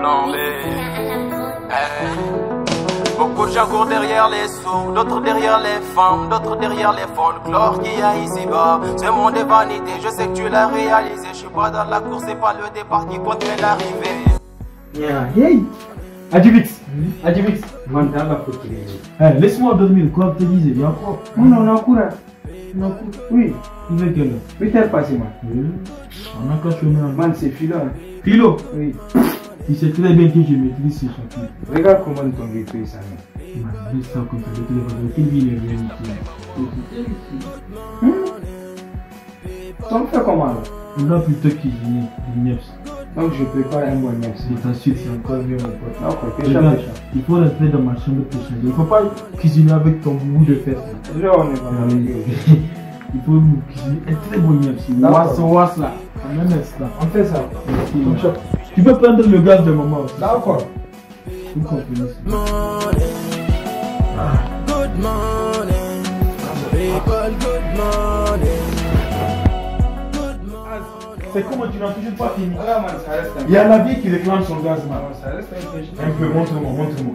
Eh. Beaucoup de gens courent derrière les sous, d'autres derrière les femmes, d'autres derrière les folklores qu'il y a ici-bas. Ce monde est vanité, je sais que tu l'as réalisé. Je suis pas dans la course, c'est pas le départ qui compte, mais l'arrivée. Yeah, yeah. Adjubix, mmh. Adjubix, hey, laisse-moi dormir, quoi que te disais, bien encore. Non, non, non, courage. Hein. Oui. Il veut quelle heure 8 heures passées, moi. On a encore un. Man, c'est Philo. Hein. Philo Oui. Il sait très bien que je maîtrise Regarde comment ton ça. ça, tu bien hein? fais comment là plutôt Donc je prépare un bon Et ensuite c'est encore mieux mon pote. Il faut rentrer dans ma chambre pour Il faut pas cuisiner avec ton bout de fesse Là, on est Il faut un très bon là. ça. On fait ça. Tu peux prendre le gaz de maman aussi. D'accord. encore? comprenez Good morning. Ah. People, good morning. C'est comme tu n'as toujours pas fini. Ah, Il y a la vie qui déclenche son gaz, man. Ah, un peu, montre-moi, montre-moi.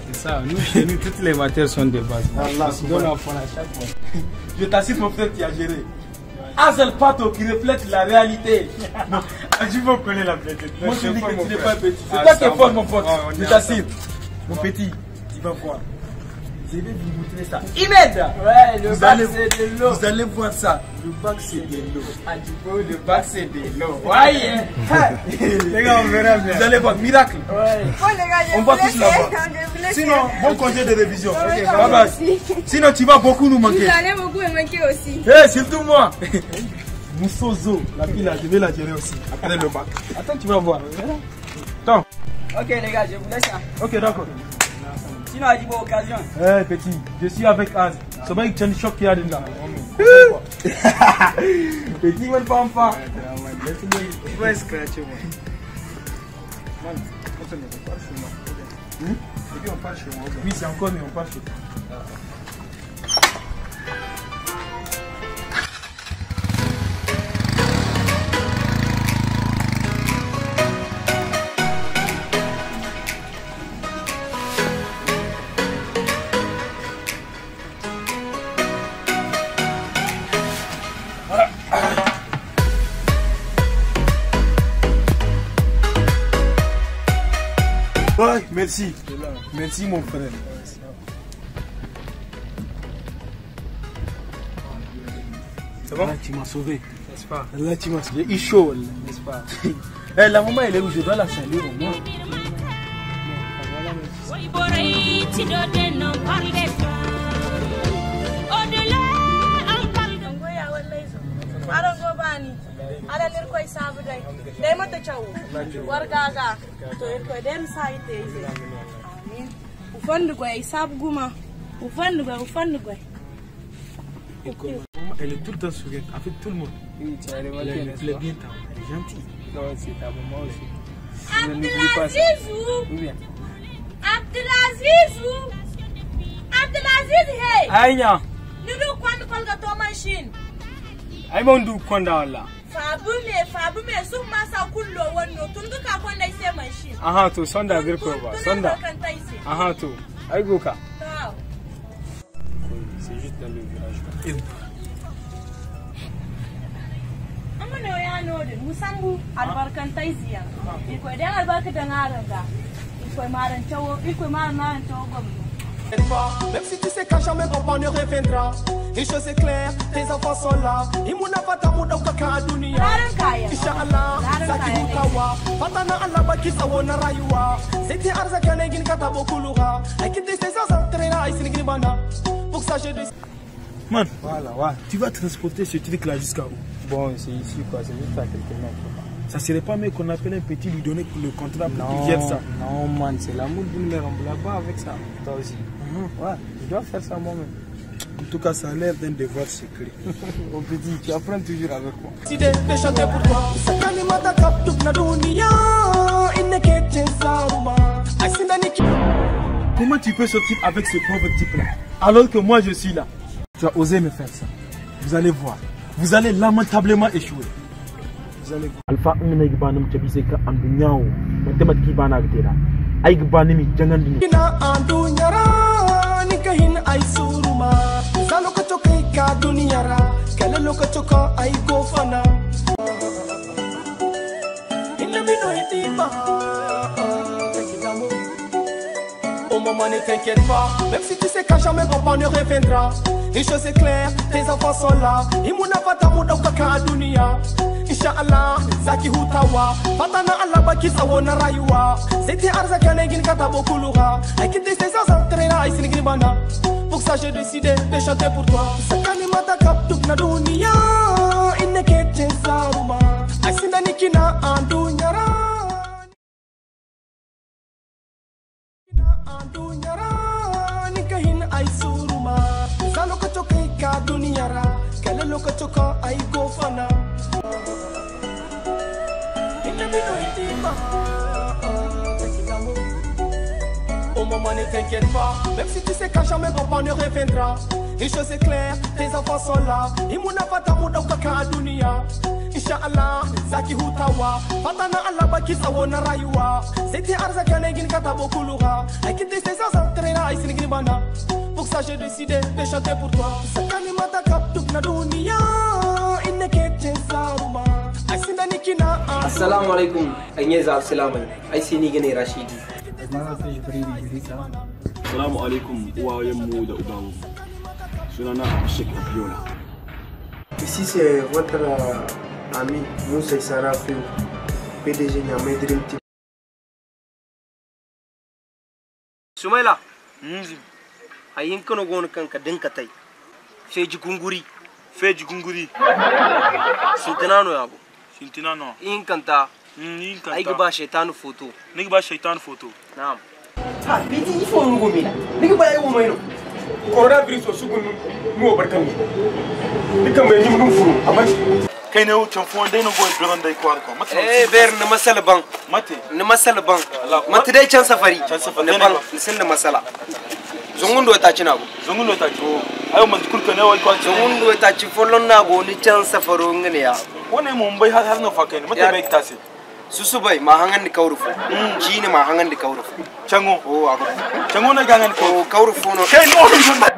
Nous, toutes les matières sont de base. je donne Je t'assure, mon frère, qui a géré. Azel Pato qui reflète la réalité. Non, tu vous connaître la petite. Moi, je dis que tu n'es pas petit. C'est ah, toi qui es fort, mon pote. Je t'assure. Mon petit, tu vas voir. Vous allez vous montrer ça. Imed Ouais, le bac c'est de l'eau. Vous allez voir ça. Le bac c'est de l'eau. Ah coup, le bac c'est de l'eau. Ouais Les gars, on verra bien. Vous allez voir, miracle. Ouais. Bon, les gars, on va tout là Sinon, bon congé de révision. Ok, bye bye. Sinon, tu vas beaucoup nous manquer. Vous allez beaucoup nous manquer aussi. Eh, surtout moi. Moussozo, la pile là, je vais la gérer aussi. Après le bac. Attends, tu vas voir. Attends. Ok, les gars, je vous laisse. Hein. Ok, d'accord. Sinon, il dit occasion. Eh, hey, petit, je suis avec Az. C'est qui tiens le choc qui a dedans. Ah, petit, mon papa. Ouais, scratch, moi. Man, on se met pas chez moi. Hmm? Et puis on part chez moi. Oui, c'est encore, mais on passe chez toi. Ah, ah. Merci. Merci mon frère. C'est bon Là tu m'as sauvé. N'est-ce pas Là tu m'as sauvé. Il chaud. N'est-ce pas Eh la maman elle est où Je dois la saluer au moins. Au-delà, parle kay tu es Elle est tout le temps souriante, tout le monde. Elle est bien hein. elle est gentille. Non, c'est Abdelazizou Abdelazizou Abdelaziz, hey Aïna Nous nous, ton machine Aïe, mon doux, quand fabume fabume sun masa kullo wannan tun duka kon dai sai man shi aha to sonda girko ba sonda aha to ai goka c'est juste dans le village amana ya nodin musambu albarkantai ziyan iko idan albarka da ngaran ga iko maran tawo iko maran maran tawo gwamnati Même si tu sais qu'à jamais papa ne reviendra Une chose est claire, tes enfants sont là Imuna fata mu dauka ka dans le Allah, zaki hukawa Fata na Allah baki sawo à rayuwa Sai ti arzaka ne gin ka tabo kulura Aikin tes tes sans entraîner ai sin gribana Pour ça je dis Man, voilà, ouais. tu vas transporter ce truc-là jusqu'à où Bon, c'est ici quoi, c'est juste à quelques mètres ça serait pas mieux qu'on appelle un petit lui donner le contrat pour qu'il vienne ça. Non, man, c'est l'amour d'une mère, on ne pas avec ça. Toi aussi. Ouais, je dois faire ça moi-même. En tout cas, ça a l'air d'un devoir secret. On peut dire, tu apprends toujours avec moi. Comment tu peux sortir avec ce pauvre type-là, alors que moi je suis là Tu as osé me faire ça. Vous allez voir. Vous allez lamentablement échouer. Vous allez voir. Alpha, ay ga banimi jangandi ina andu nyara ni kahin ay suruma salo ko to kai ka duniyara kala lokato ka ay ko fana inna mino hiti ba Au moment ne t'inquiète pas, même si tu sais qu'à jamais grand ne reviendra. Une chose est claire, tes enfants sont là. Imuna fata muda kaka adunia insha Allah zaki hutawa fata na Allah baki tsawo na rayuwa sai ta arzaka ne gin ka tabo kuluwa aikin dai sai sa san traina ai sin gin bana pour ça j'ai décidé de chanter pour toi sakani mata kap duk na duniya inna ke tsaruma ai sin da nikina an dunyara an dunyara nikahin ai suruma zalo ka tokai ka duniyara kala lokacin ka ai Au moment, ne t'inquiète pas, même si tu sais qu'à jamais grand ne reviendra. Une chose est claire, tes enfants sont là. le fata muda kwa dunia. Inch'Allah, zaki hutawa. Fatana Allah baki sawona rayuwa. C'était arzaka kata katabo t'es Aikite ses traînera isinigri bana. Pour ça, j'ai décidé de chanter pour toi. Sakani mata kap Tukna na dunia. assalamu alaikum an yi za salama ai sai ni gane rashidi assalamu alaikum mu da ubawu sunana abishek abiola ici c'est uh, votre uh, ami Moussa Sarafin PDG Niamey Dream Team Sumaila Mzi a yankin gona kanka dinka tai feji gunguri feji gunguri sun tunano yabo Tintina no. In kanta. Mm, in kanta. Ai ba shaitan foto. Ni ba shaitan foto. Na'am. Ha, biti ni fo ngo mi. Ni ba ai wo mai no. Corona virus su gun mu o barkan Ni kan bai yin mun furu amma kai ne wucin fuwan dai na goyi biran dai kwar ko mata eh ber na masal ban mate Ni masal ban Mate dai can safari can safari Ni ban ni sun da masala zongundo tachi nago zongundo tachi ayo man kulka ne wai kwachi ta tachi folon nago ni chan safaro ngene ya wone mumbai har har no fakene mata bai tasi susu bai ma hangan ni kaurufu ji hmm. ni ma hangan ni kaurufu chango o oh, ago chango ne gangan oh, ko kaurufu no kai no